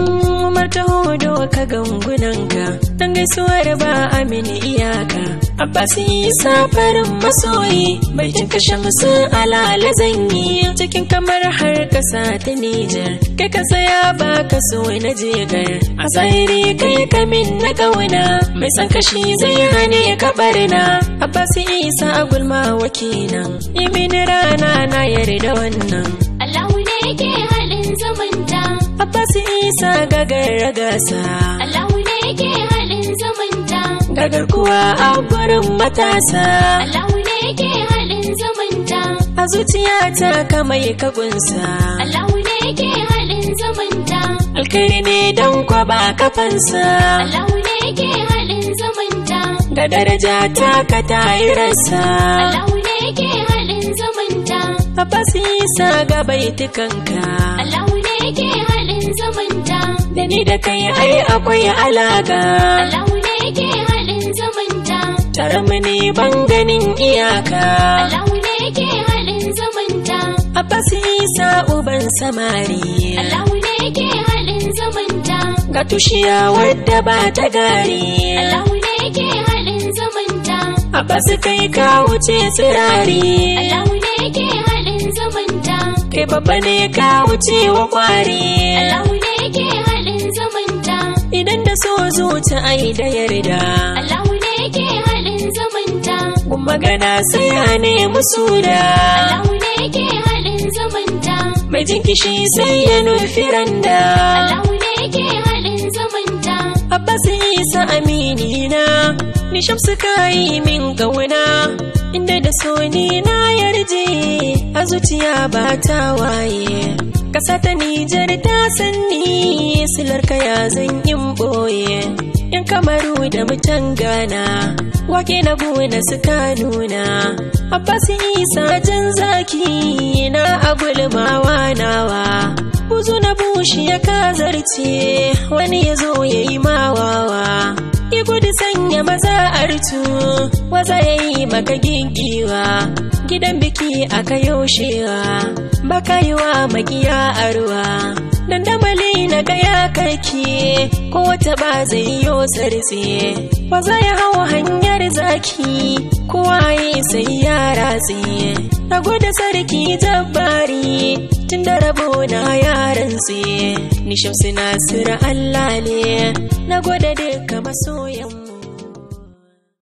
Umar taho ka gangunanka don gaisuwar ba amini iyaka Abbas Isa farin masoyi bai cin kashe musu alala zanyi cikin kamar har kasa ta Nijar kai ka saya ba ka so na jegar a zahiri kai kamin na kauna mai san kashi zai hane ka barna Abbas Isa a gulma wakilan imin rana na yarda wannan ka ta Abbasu Isa gagar ragasa Allahu ne yake halin zamanta Gagar kuwa a gurin matasa Allahu ne yake halin zamanta A zuciyata ka mai kagunsa Allahu ne yake halin zamanta Alkhairi ne dan kwaba kafansa Allahu ne yake halin zamanta Da daraja ta ka rasa Allahu ne yake halin zamanta Abbas Isa ga baitukanka Allahu ke halin zumunta da ni da kai ai akwai alaka Allahu ne ke halin zumunta tare mu ne ban ganin iyaka Allahu ne ke halin zumunta Abbas Isa uban samari Allahu ne ke halin zumunta ga tushiya wadda ba ta gariya. Allahu ne ke halin zumunta Abbas kai ka wuce sirari ne babba ne ya kawo wa kwari Allahu ne yake haɗin zamanta. idan da so zuci ai da yarda Allahu ne yake haɗin zamanta. kun magana sai a nemi suda Allahu ne yake haɗin zamanta. mai jinkishi sai ya nufi randa Allahu ne yake haɗin zumunta Abbas Isa Aminina ni shamsu kayi min gauna inda da so ni na a zuciya ba ta waye ƙasa ta nijar ta sanni silar kaya zan yin ɓoye yan kamaru da mutan gana wake na gona suka nuna abbas isa jan zaki na agulmawa nawa buzu na bushi ya kazarce wani ya zo ya yi mawawa ya maza artu waza ya yi maka gingiwa gidan biki aka yaushewa baka yi wa magiya arwa don damali na gaya karki ko wata ba zai yi sarze waza ya hau hanyar zaki kowa yi sai ya ratse na gode sarki tabbari tun da rabo na yaran tsaye nishamsu nasira Allah ne na gode duka masoyan